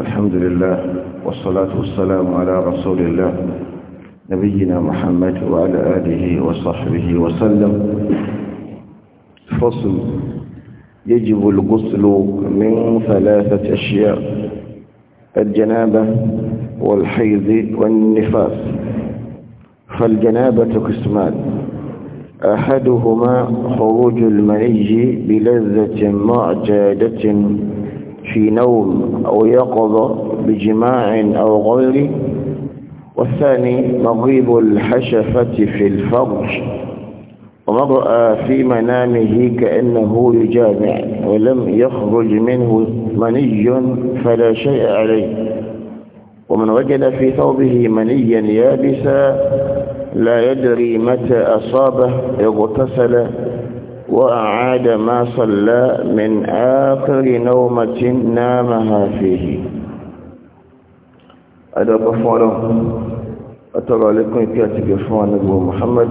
الحمد لله والصلاة والسلام على رسول الله نبينا محمد وعلى آله وصحبه وسلم فصل يجب الغسل من ثلاثة أشياء الجنابة والحيض والنفاس فالجنابة قسمان أحدهما خروج المني بلذة معجادة في نوم أو يقظة بجماع أو غيره والثاني مغيب الحشفة في الفرج ومرأى في منامه كأنه يجامع ولم يخرج منه مني فلا شيء عليه ومن وجد في ثوبه منيا يابسا لا يدري متى أصابه اغتسل وأعاد ما صلى من آخر نومة نامها فيه أدب فعله أترى لكم في فعل أبو محمد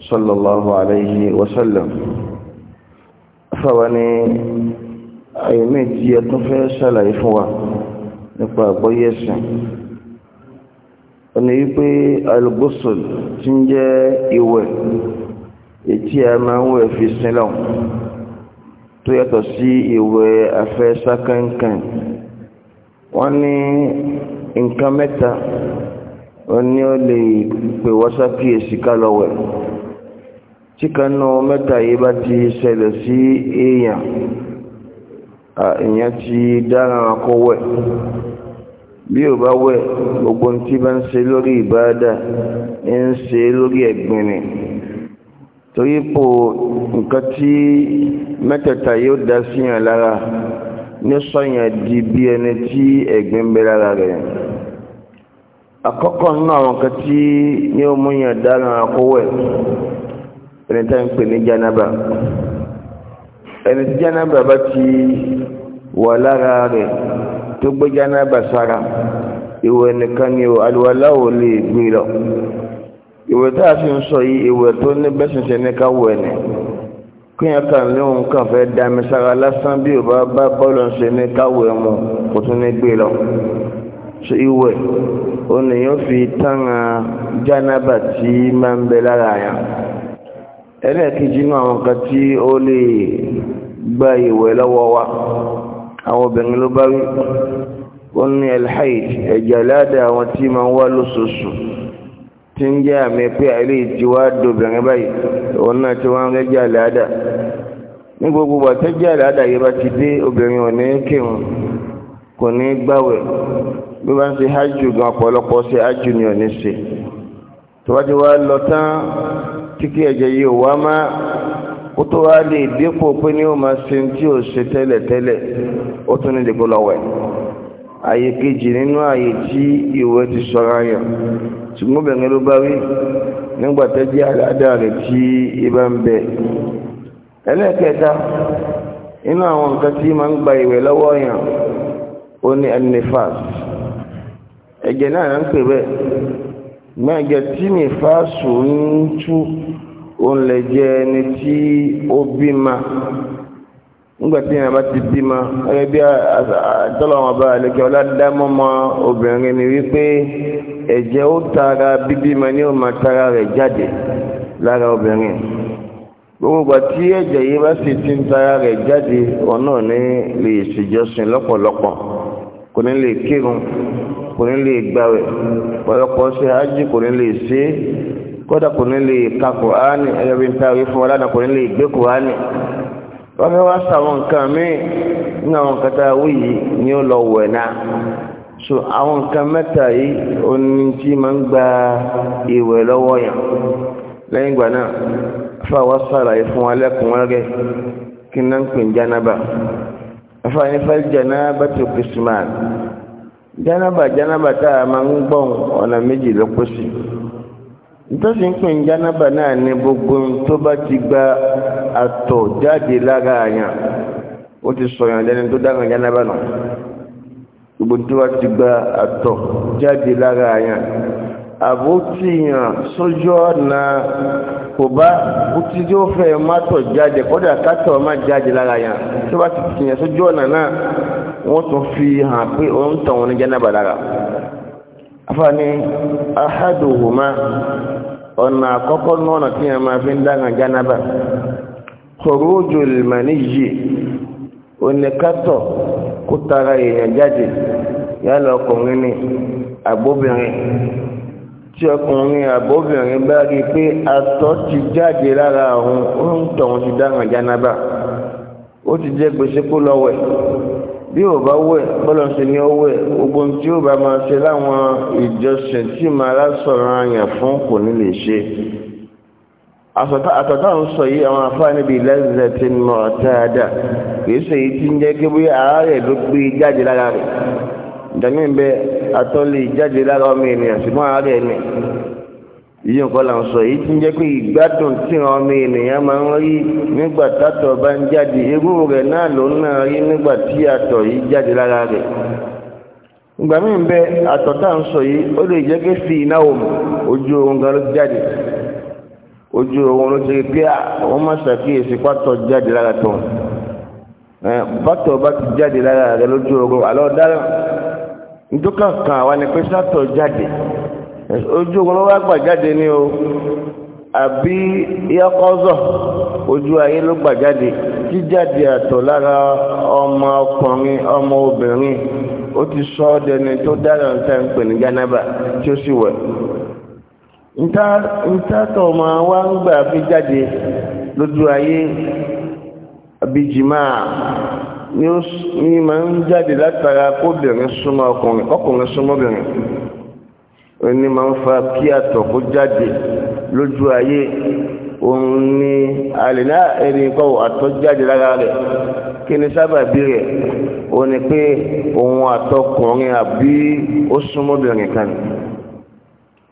صلى الله عليه وسلم فواني أيميت يتفى سلا إفوا نقوى بيسا ونيبي الغسل تنجى إيوه ètí ẹ máa ń wẹ̀ fi sílọ̀ tó yàtọ̀ sí ìwé afẹ́ sákànkàn wọ́n ní nǹkan mẹ́ta wọ́n ní ó lè pè wọ́n sákìyèsí kálọ̀wẹ̀ tí kan náà mẹ́ta yìí bá ti ṣẹlẹ̀ sí èèyàn èèyàn ti dára kó wẹ̀ bí ò bá wẹ̀ gbogbo tí bá ń ṣe lórí ìbáadà ń ṣe lórí ẹ̀gbìn torí pò nǹkan tí mẹ́tẹ̀ẹ̀ta yóò dá síyàn lára ní sọ́yàn di bí ẹni tí ẹ̀gbin ń bẹ lára rẹ̀ àkọ́kọ́ nínú àwọn nǹkan tí ní ó mú yàn dára akówẹ̀ ẹni tá ń pè ní jánábà ẹni tí jánábà bá ti wà lára rẹ̀ tó gbé jánábà sára ìwẹ̀ nìkan ni o àlùwàlá ò lè gbé lọ ìwẹ̀ tá a fi ń sọ yìí ìwẹ̀ tó ní bẹ́sìnṣẹ́ ní káwọ ẹ̀nì kíyàn kan léhun kan fẹ́ dami sára lásán bí ò bá bá bọ́ọ̀lù ń ṣe ní káwọ ẹ̀mú kò tún ní gbé lọ ṣe ìwẹ̀ ònìyàn fi tán uh, jánábà tí máa ń bẹ lára yàn ẹlẹ́ẹ̀kejì náà àwọn kan tí ó lè gba ìwẹ̀ lọ́wọ́ wa àwọn obìnrin ló bá wí ó ní alhaid ẹ̀jẹ̀ aláàdá àwọn tí máa ń wá lóṣooṣù tí ń jẹ́ àmì pé àìlè tí wá dobìnrin báyìí òun náà tí wọ́n rẹ́ jẹ́ àlàádà ní gbogbo wà tó jẹ́ àlàádà yìí bá ti dé obìnrin ò ní kírun kò ní gbàwẹ̀ bí wọ́n ṣe hajj gan ọ̀pọ̀lọpọ̀ ṣe hajj ni ò ní ṣe tó bá ti wá lọ tán tí ẹ̀jẹ̀ yìí ò wá má ó tó wá lè dípò pé ní ó máa ṣe tí ò ṣe tẹ́lẹ̀tẹ́lẹ̀ ó tún ní ìdìbò lọ́wẹ̀ àyè kejì nínú àyè tí ìwé ti sọ̀rọ̀ yàn ṣùgbọ́n obìnrin ló bá rí nígbà tó jẹ́ àdáadáa rẹ̀ tí ibà ń bẹ ẹlẹ́ẹ̀kẹta inú àwọn nǹkan tí máa ń gba ìwẹ̀ lọ́wọ́ yàn ó ní ẹnìfàs ẹ̀jẹ̀ náà ń pè bẹ́ẹ̀ gbọ́n ẹ̀jẹ̀ tí nìfàsù ń tú òun lè jẹ ẹni tí ó bímọ nígbàtí yẹn bá ti bímọ ẹgbẹ́ bí àtọ́lọ́wọ́n bá àlekẹ́ ọ̀làdámọ́mọ́ obìnrin ni wípé ẹ̀jẹ̀ ó tara bíbímọ ni ó máa tara rẹ̀ jáde lára obìnrin gbogbo ìgbà tí ẹ̀jẹ̀ yìí bá sì ti ń tara rẹ̀ jáde ọ̀nà ní lè ṣèjọsìn kò ní lè kírun kò ní lè ṣe kò ní lè ṣe kódà kò ní lè bí wọ́n fẹ́ wá sàwọn nǹkan míì ní àwọn nǹkan tá a wí yìí ni ó lọ wẹ̀ náà so àwọn nǹkan mẹ́ta yìí ó ní tí máa ń gba ìwẹ̀ lọ́wọ́ yàn lẹ́yìn ìgbà náà afa wa sàlàyé fún wa lẹ́kùnrin rẹ̀ kí náà ń pè ní jánábà afa ní fẹ́ jánábà tó kìsìmáà jánábà jánábà tá a máa ń gbọ́n ọ̀nà méjì ló pèsè nítorí pé jánábà náà ní gbogbo tó bá ti gba àtọ̀ jáde lára àyàn ó ti sọ̀yàn lẹ́ni tó dára jánábà nù gbogbo tí wá ti gba àtọ̀ jáde lára àyàn àbó tí yàn sójú ọ̀nà kò bá bó tí yóò fẹ́ má tọ̀ jáde kọ́dà kátọ̀ má jáde lára yàn tí wá ti tìyàn sójú ọ̀nà náà wọ́n tún fi hàn pé òun tàn wọn ní jánábà lára afáàní ahaduhuma ọ̀nà àkọ́kọ́ náà tí yàn máa fi ń dára jánábà kòrójò lèmọ̀ní yìí oníkátọ̀ kó tara èèyàn jáde yálà ọkùnrin ni àbóbìnrin tí ọkùnrin àbóbìnrin bá rí i pé àtọ̀ ti jáde lára òun ó ń tọ̀hún ti dáràn jánábà ó ti jẹ́ gbèsè kó lọ wẹ̀ bí ò bá wẹ̀ bọ́lọ̀ ṣe ni ó wẹ̀ gbogbo tí ó bá máa ṣe láwọn ìjọsìn tí màá sọ̀rọ̀ àyàn fún kò ní lè ṣe. atọta ń sọ yìí àwọn afáàní bíi lẹ́sẹ̀ tí kìí ṣe ń jẹ́ ara rẹ̀ ló gbé jáde lára rẹ̀ ìdàmí ń bẹ jáde lára ọmọ ènìyàn ṣùgbọ́n ara rẹ̀ ni yìí nǹkan là ń sọ èyí tí ń jẹ́ pé ìgbádùn tí ọmọ ènìyàn máa ń rí nígbà tátọ̀ bá ń jáde irú rẹ̀ náà ojú òun ló ṣe pé àwọn ah, máa ṣàkíyèsí jáde lára tó ẹ bá ti jáde lára rẹ lójú ogun àlọ́ dára nítorí kan àwa ni pé sátọ̀ jáde ojú ogun ló wá gbà jáde o àbí ojú ayé ló gbà jáde jíjáde lára ọmọ ọkùnrin ọmọ obìnrin ó ti sọ dẹni tó dára nǹkan pè ní ntátọ̀ ma wá ń gbà fi jáde lójú ayé abijima ni ma ń jáde látara kóbìnrin súnmọ́ ọkùnrin ọkùnrin súnmọ́ obìnrin ni ma ń fa kí àtọ̀ kó jáde lójú ayé òun ni àlìlá ẹni kọ́ àtọ̀ jáde lára rẹ̀ kí ni sábàbí rẹ̀ òun ni pé òun àtọkùnrin àbí ó súnmọ́ obìnrin kan ni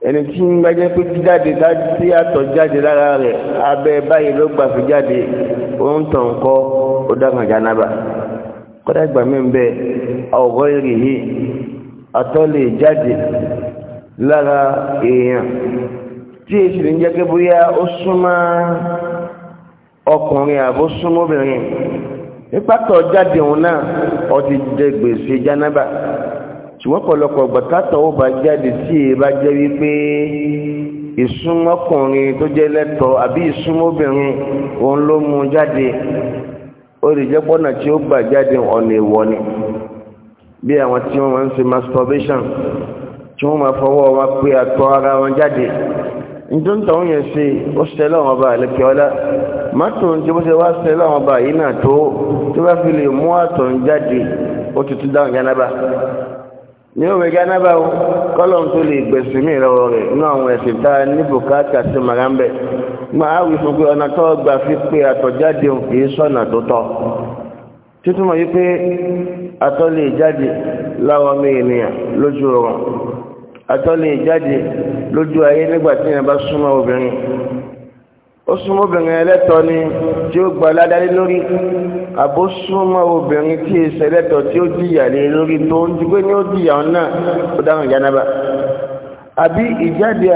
ẹni tí ń gbájẹ́ pé jíjáde tí àtọ̀ jáde lára rẹ̀ abẹ́ báyìí ló gbà fi jáde ó ń tàn kọ́ ó dákan jánábà kọ́dá ìgbà mí ń bẹ ọ̀gọ́ èrè yìí àtọ̀ lè jáde lára èèyàn tí èsì ní jẹ́ pé ó súnmọ́ ọkùnrin àbó súnmọ́ obìnrin nípa tọ̀ jáde òun náà ó ti jẹ gbèsè jánábà ṣùgbọ́n pọ̀lọpọ̀ gbọ̀tátọ̀ ó bá jáde tí è bá jẹ́ wípé ìsúnmọ́kùnrin tó jẹ́ lẹ́tọ̀ọ́ àbí ìsúnmọ́bìnrin òun ló mú jáde ó lè jẹ́ pọ́nà tí ó gbà jáde ọ̀nà èèwọ̀ ni bí àwọn tí wọ́n máa ń ṣe masturbation tí wọ́n máa fọwọ́ wọn pé àtọ̀ ara wọn jáde nítorí táwọn yẹn ṣe ó ṣẹlẹ̀ wọn bá àlẹ́kẹ́ ọlá mọ́tò tí wọ́n ṣe wá ṣẹlẹ̀ wọn bá yìí náà tó tó bá fi lè mú àtọ̀ jáde ó ti dáhùn yánnabá ní òwe gánàbà o kọlọ̀ tó lè gbèsè mí ìrọ̀rọ̀ rẹ̀ ní àwọn ẹ̀sìn tá a ní bùkátà sí màrá ń bẹ̀ máa wí fún pé ọ̀nà tó gbà fi pé àtọ̀jáde sọ̀nà tó tọ́ títúmọ̀ yí pé lè jáde láwọn ọmọ ènìyàn lójú ọ̀rọ̀ lè jáde lójú ayé ni tí ó ládàá àbó súnmọ́ obìnrin tí ìṣẹ̀lẹ̀tọ̀ tí ó jìyà lé lórí tó ń ní ó jìyà náà ó dáhùn àbí ìjáde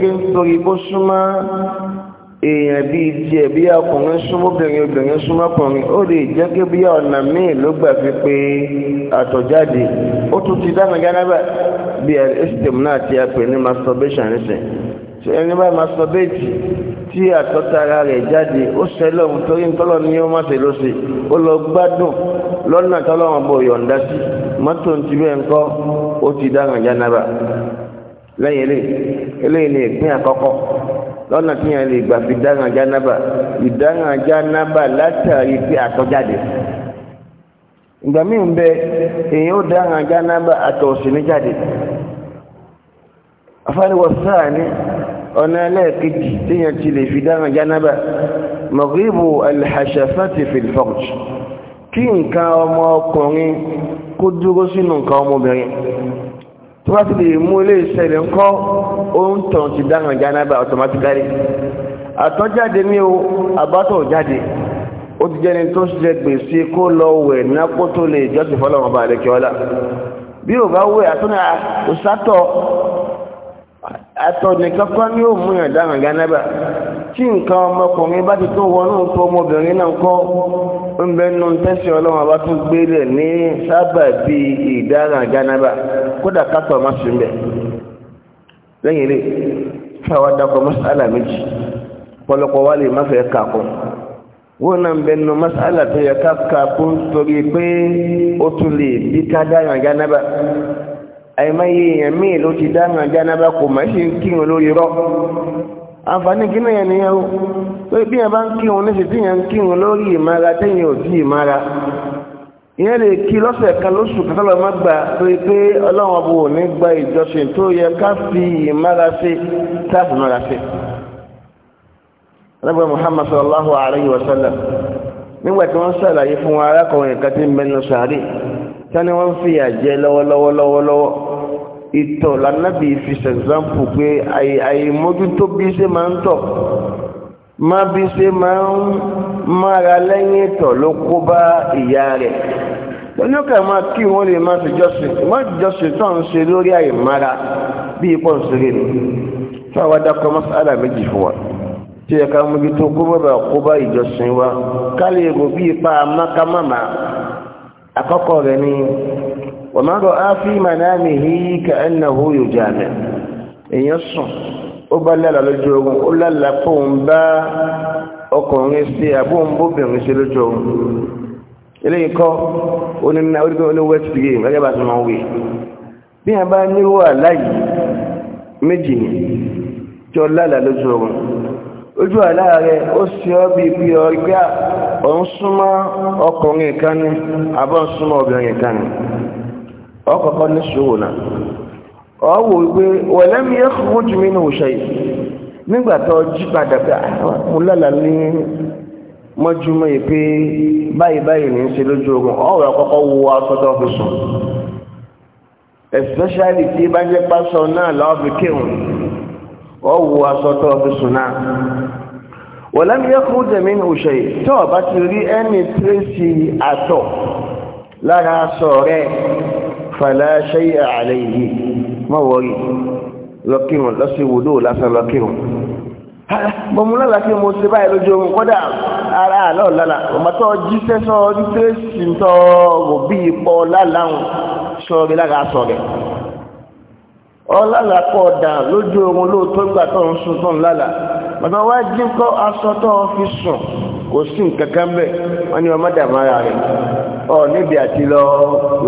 kí ń torí bó súnmọ́ èèyàn bíi bí ọkùnrin obìnrin obìnrin ọkùnrin ó lè kí bí ọ̀nà míì ló gbà fi pé àtọ̀jáde ó tún ti dáhùn bí tèmú náà ti ní masturbation ẹni bá tí àtọ́tara rẹ̀ jáde ó sẹ́lẹ̀ ohun torí ń tọ́lọ̀ ní ọmọ àti lọ́sẹ̀ ó lọ gbádùn lọ́nà tọ́lọ̀ wọn bò yọ̀ǹda sí mọ́tò ń ti bẹ́ẹ̀ ń kọ́ ó ti dáràn jánábà lẹ́yìn ilé eléyìí ni ìpín àkọ́kọ́ lọ́nà tí yẹn lè gbà fi látàrí pé àtọ́jáde ìgbà míì ń bẹ èyí ó àtọ̀ ni. ọ̀nà ẹlẹ́ẹ̀kejì téèyàn ti lè fi dáhùn jánábà mọ̀gíbù alhàṣàfàtì fìlfọ́j kí nǹkan ọmọ ọkùnrin kó dúró sínú nǹkan ọmọbìnrin tó bá ti lè mú ilé ìṣẹ̀lẹ̀ ńkọ́ ohun tàn ti dáhùn jánábà automatically àtọ́jáde ní o àbátọ̀ jáde ó ti jẹ́ni tó ṣe gbèsè kó lọ wẹ̀ ná kó tó lè jọ́sìn fọ́lọ́run ọba bí ò bá wẹ̀ àtúnà òṣàtọ̀ àtọ̀dẹ̀ kankan ni ó mú yàn dáhùn gánábà tí nǹkan ọmọkùnrin bá ti tó wọnú tó ọmọbìnrin náà kọ́ ń bẹ nu tẹ́sí ọlọ́run bá tún gbélé ní sábà bí ìdáràn gánábà kódà kátọ̀ má sùn bẹ̀ lẹ́yìn rẹ̀ káwa dákọ̀ mọ́sálà méjì pọ̀lọpọ̀ wa lè má fẹ́ kà kọ́ wọn náà ń mọ́sálà àìmọye èèyàn míì ló ti dáná jánábà kò má ṣe kírun lórí rọ àǹfààní kínú yẹn nìyẹn o pé bí yẹn bá ń kírun ní ṣètì yẹn ń kírun lórí ìmára téèyàn ò tí ìmára ìyẹn lè kí lọ́sẹ̀ kan lóṣù kan má gbà torí pé ọlọ́run ọbọ ò gba ìjọsìn tó yẹ ká fi ìmára ṣe tá fi mára ṣe. alábẹ́ Muhammad sallallahu alayhi wa sallam nígbà tí wọ́n ṣàlàyé fún arákùnrin kan tí ń bẹnu sàárè tani wọ́n fìyà jẹ lọ́wọ́lọ́wọ́lọ́wọ́lọ́wọ́ ìtọ̀ lànàbì fi ṣẹ̀gbáǹpù pé àìmójútó bí ṣe máa ń tọ̀ má bí ṣe máa ń mára lẹ́yìn ìtọ̀ ló kó bá ìyá rẹ̀ oníkà máa kí wọ́n lè máa fi jọ́sìn wọ́n jọ́sìn tó ń ṣe lórí àìmára bí ipò ìṣeré ni tó àwọn adákọ̀ mọ́sálà méjì fún wa tí ẹ ká mójútó kó bàbá kó bá ìjọsìn wa ká lè rò bí ipa amákámámá àkọ́kọ́ rẹ̀ ni وما رأى في منامه كأنه يجامع يصم وبلل لجوم ولا لقوم با ọkùnrin sí àbúhùnbóbìnrin sí lójú ohun ilé ikọ́ onímọ̀ orí ní west game gẹ́gẹ́ bá ti máa wé bí a bá níwò baa ojú ó ọ́ bí ọ ọkùnrin kan ní obìnrin kan ọkọ̀kọ́ ní ṣòwò náà ọwọ́ wípé wọ̀lẹ́mí ẹ̀kọ́ jù mí ní òṣè yìí nígbà tó jí padà pé ah, mo lálàá ní mọ́júmọ́ yìí pé báyìí báyìí ní í ṣe lójú ogun ọ̀rọ̀ àkọ́kọ́ wo aṣọ tó fi sùn especially tí bá jẹ́ pásọ náà lọ́ọ́ fi kéwòn ọ̀wọ́ aṣọ fi sùn náà wọ̀lẹ́mí ẹ̀kọ́ jù ní òṣè yìí tó ti rí ẹni tírèsì àtọ̀ lára aṣọ rẹ̀ fàlà ṣẹ́yà àlẹ́ yìí má wọrí lọ́kìrùn lọ́sí ìwòdó lásán lọ́kìrùn bọ̀múlá láti mo ṣe báyìí lójú oorun kọ́dà ara àlọ́ lálà ọ̀mọ̀tọ́ jíṣẹ́ sọ jíṣẹ́ sì ń tọ́ òbí ipò láláhùn sọ̀rọ̀ lára sọ̀rẹ̀ ọlálà pọ̀ dà lójú oorun lóòótọ́ gbà tó ń sun tó ń lálà bàbá wa jí kọ́ aṣọ tó ń fi sùn kò sí nǹkan kan bẹ́ẹ̀ wọ́n ní ọmọdé àmọ́ ara rẹ̀ ọ̀ níbi àti lọ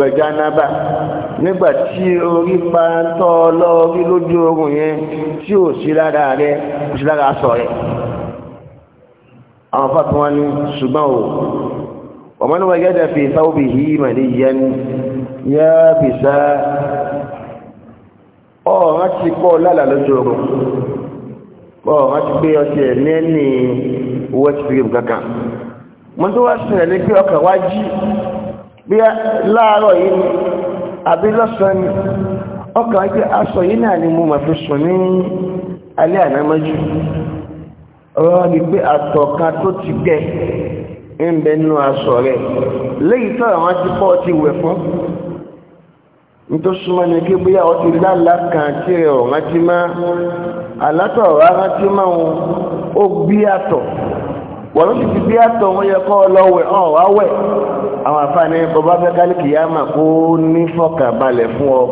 rẹ̀ jáná báyìí nígbà tí orí pa ń tọ́ lọ́ọ́rí lójú oorun yẹn tí ò sí lára rẹ kò sí lára aṣọ rẹ àwọn fàtí wọn ní ṣùgbọ́n o ọmọ ní wọ́n yẹ́dẹ̀ fi sáwọ́bì yìí mẹ́lẹ̀ yẹn yá fi sá ọ̀rán ti pọ̀ lálà lójú oorun ọ̀rán ti gbé ọtí ẹ̀ ní owó ti fi kankan mo tó wá sílẹ̀ ní pé ọkàn wá jí bí láàárọ̀ yìí àbí lọ́sàn ni ọkàn asọ aṣọ yìí náà ni mo mà fi sùn ní alẹ́ ànámọ́jú ọ̀rọ̀ ni pé àtọ̀kan tó ti gẹ ń bẹ nínú aṣọ rẹ̀ léyìí tọ́ ti pọ́ ti wẹ̀ fún nítorí súnmọ́ ni kí bóyá lálá kan tí rẹ̀ ò ti máa àlátọ̀ ọ̀rọ̀ rántí máa wọn ó ti yẹ kọ́ ọ àwọn àfáàní ọba fẹ́kálì kìyàmà kó ní fọkàbalẹ̀ fún ọ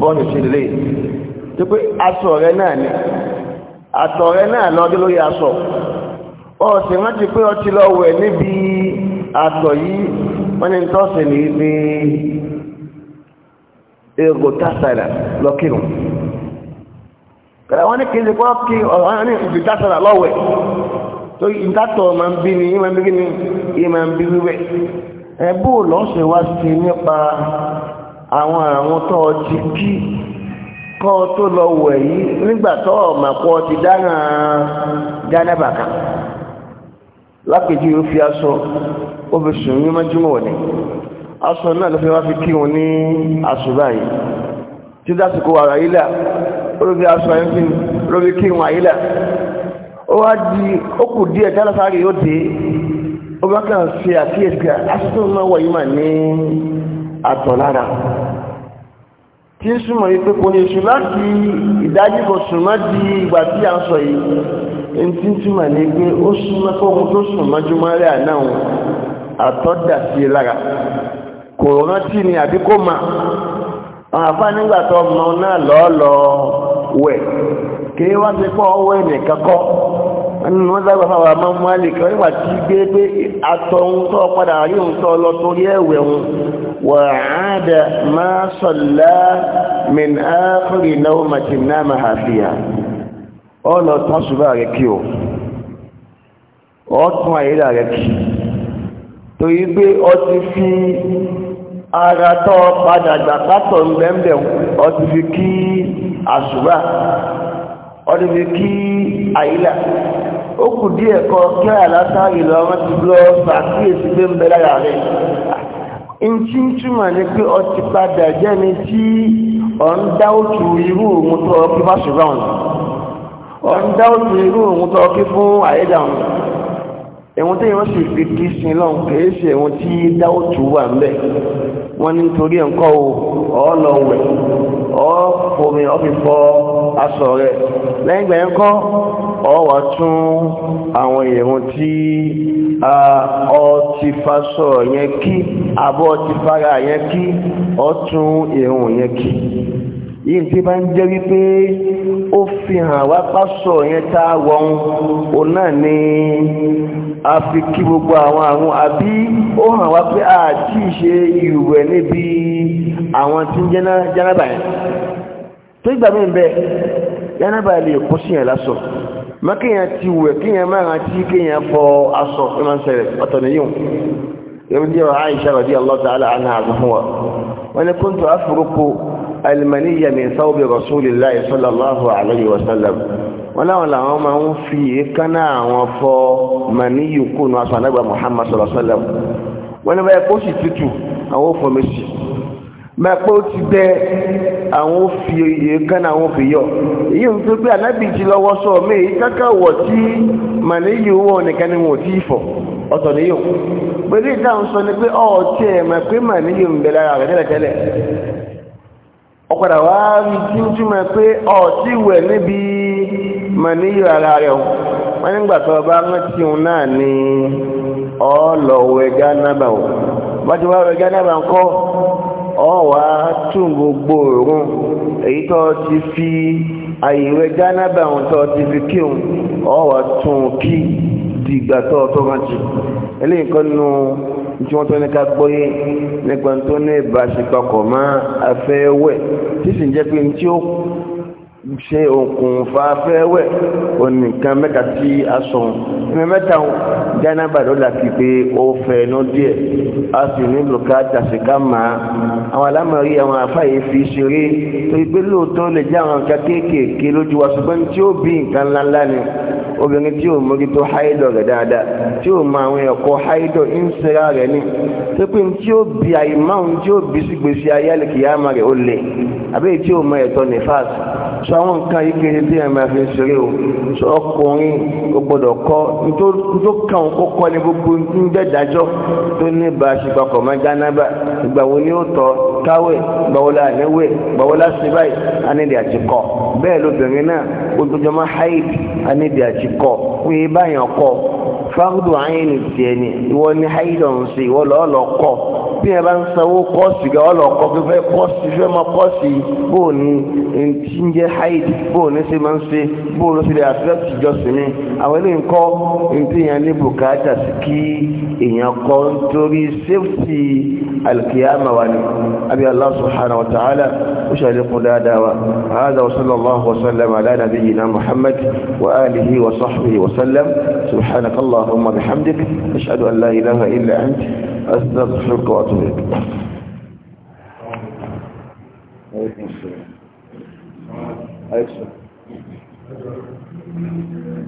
bọ́ọ̀lù sílẹ̀ tó pé aṣọ rẹ náà ni àtọ̀ rẹ náà lọ́dún lórí aṣọ ọ̀sẹ̀ wọ́n ti pé ọtí lọ wẹ̀ níbi àtọ̀ yìí wọ́n ní tọ́sẹ̀ ní ibi èrò tásàlà lọ́kìrùn wọ́n ní kí n ṣe pọ́ kí ọ̀rọ̀ ní ibi tásàlà lọ́wẹ̀ ni ẹ̀bù lọ́sẹ̀ wá sí nípa àwọn àrùn tó ti kí kọ́ tó lọ wẹ̀ yìí nígbà tó ọ̀màpọ̀ ti dáná gánàbàkà lápèjì ó fi aṣọ ó fi sùn ní mọ́júmọ́ wọ̀lẹ̀ aṣọ náà ló fi wá fi kí wọn ní àṣùbà yìí tí dásìkò wàrà yìí ó ló fi aṣọ ẹ̀ ló fi kí wọn àyílà ó wá di ó kù díẹ̀ tálásárì ó dé ó bá kàn ṣe àkíyèsí pé aṣíkò máa wọ̀ yí mà ní àtọ̀ lára tí ń súnmọ̀ yí pé kò ní èṣù láti ìdájí kò súnmọ́ di ìgbà tí a ń sọ yìí ẹni tí ń túmọ̀ ní pé ó súnmọ́ fóun tó súnmọ́ jùmọ́ rẹ̀ àná àtọ̀ dà sí lára nínú wọ́n dágbà fáwọn àmọ́ malik wọ́n nígbà tí gbé pé atọ́ ohun tó padà rí ohun tó lọ torí ẹ̀wẹ̀ ohun wà áàdà máa sọ̀lá min áfírí náà màtí náà máa hàfíà ọ̀nà tọ́sùbà rẹ̀ kí o ọ̀tún àyílà rẹ̀ kí torí pé ọ fi ara tọ́ padà gbà pátọ̀ ń fi kí fi kí àyílà ó kù díẹ̀ kọ kí àlásán ìlú àwọn ti lọ ṣàkíyèsí pé ń bẹ lára rẹ̀ ntí ń túmọ̀ ní pé ọtí padà jẹ́ni tí ọ̀n dáwọ́tù irú òun tó ọkí bá ṣùgbọ́n ọ̀n dáwọ́tù irú òun tó ọkí fún àyẹ́dàun ẹ̀wọ̀n tí wọ́n sì fi kí sin lọ́n kìí ṣe ẹ̀wọ̀n tí dáwọ́tù wà ń bẹ̀ wọ́n ní torí ẹ̀ńkọ́ o ọ̀ọ́lọ́wẹ̀ ọ̀ọ́fọmi ọ̀fífọ́ aṣọ rẹ̀ lẹ́yìn ìgbà yẹn kọ́ ọ wá tún àwọn ìrun tí ọ ti fa sọ̀rọ̀ yẹn kí abọ́ ti fara yẹn kí ọ tún ìrun yẹn kí yìí tí bá ń jẹ́ wípé ó fi hàn wá pásọ̀ yẹn tá wọ́n wọ̀n o náà ni a fi kí gbogbo àwọn àrùn àbí ó hàn wá pé a ti ṣe ìwẹ̀ níbi àwọn tí ń jẹ́ jánábà yẹn tó ìgbà mí bẹ́ẹ̀ yánàbà lè kó síyàn lásọ má kíyàn ti wẹ̀ kíyàn má rántí kíyàn fọ aṣọ ìmọ̀nsẹ̀rẹ̀ ọ̀tọ̀nà yìí yóò jẹ́ ọ̀rọ̀ Aisha radiyallahu ta'ala anha àgbọ̀fún wa wọ́n ni kuntu afruku almaniyya min thawbi rasulillahi sallallahu alayhi wa sallam wọ́n láwọn làwọn máa ń fi èékánná àwọn fọ maniyu kùnú aṣọ anábà Muhammad sallallahu alayhi wa sallam wọ́n ni kó sì tutù àwọn fọmẹ́sì mẹ́pẹ́ ó ti dẹ àwọn òfì èékán àwọn òfì yọ èyí ń fi pé anábì ti lọwọ sọ mí èyí kankan tí màníyì wọ̀ nìkan ni wọn ò tí o ìdáhùn sọ ni pé ọ̀ tí ẹ̀ mẹ́pẹ́ màníyì ń bẹ lára rẹ̀ tẹ́lẹ̀tẹ́lẹ̀ ọ̀padà wá rí ń tí níbi ara rẹ o wọ́n nígbà tó rántí òun náà ni bá ọ̀wà tún gbogbo òórùn èyí tó ti fi àyèwé jánábà àwọn tó ti fi kíhun ọ̀wà tún kí dìgbà tó tó rántí eléyìí kan nù tí wọ́n tó ní ká gbóyé nípa tó ní ìbáṣepọ̀ kọ̀ máa afẹ́wẹ̀ tí sì ń jẹ́ pé ní tí ó ṣe òkùnfà fẹ́wẹ̀ onìkan mẹ́ta tí a sọ ẹ̀mẹ́ mẹ́ta jánàbà ló làkì pé ó fẹ́ ẹ̀nà díẹ̀ a sì nílò ká tàṣíká máa àwọn alámọ̀rí àwọn àfáyé fi ṣeré torí pé lóòótọ́ lè jẹ́ àwọn nǹkan kéékèèké lójú wa ṣùgbọ́n tí ó bí nǹkan ńláńlá ni obìnrin tí ò mójútó háìdọ̀ rẹ̀ dáadáa tí ò mọ àwọn ẹ̀kọ́ háìdọ̀ ń sera rẹ̀ ni tó pé tí ó bí àìmáhùn tí ó bí sígbèsí ayé àlèkìyàmà rẹ̀ ó lè àbẹ́yẹ tí ò mọ ẹ̀tọ́ nífàsì sọ àwọn nǹkan yìí kéde tí ẹ̀mà fi ń ṣeré o sọ ọkùnrin o gbọ́dọ̀ kọ́ tó kàn ó kọ́kọ́ ní gbogbo ń dẹ́dájọ́ tó ní bá ṣe papọ̀ mọ́ jánábà ìgbà wo ni ó tọ́ káwẹ̀ gbàwọlá àníwẹ̀ gbàwọlá sí báyìí anídìí àtìkọ́ bẹ́ẹ̀ lóbìnrin náà ojoojúmọ́ haid anídìí àtìkọ́ fún yìí báyàn kọ́ fáwọn àyìn tiẹ̀ ni ìwọ ní haid ọ̀hún bí ẹ bá ń sanwó kọ́ọ̀sì gan ọlọ́kọ́ fífẹ́ kọ́ọ̀sì fífẹ́ mọ kọ́ọ̀sì bó o ní ti ń jẹ́ haid bó o ní ṣe máa ń ṣe bó o ló ṣe lè àtúrẹ́sì jọ́sìn mi àwọn eléyìí kọ́ ntí yẹn ní bùkátà sí kí èèyàn kọ́ nítorí safety alkiyama wa ni abi allah subhanahu wa ta'ala ó ṣàlékún dáadáa wa هذا وصلى الله وسلم على نبينا محمد وآله وصحبه وسلم سبحانك اللهم بحمدك أشهد أن لا إله أستغفرك وأتوب to it. Thank you.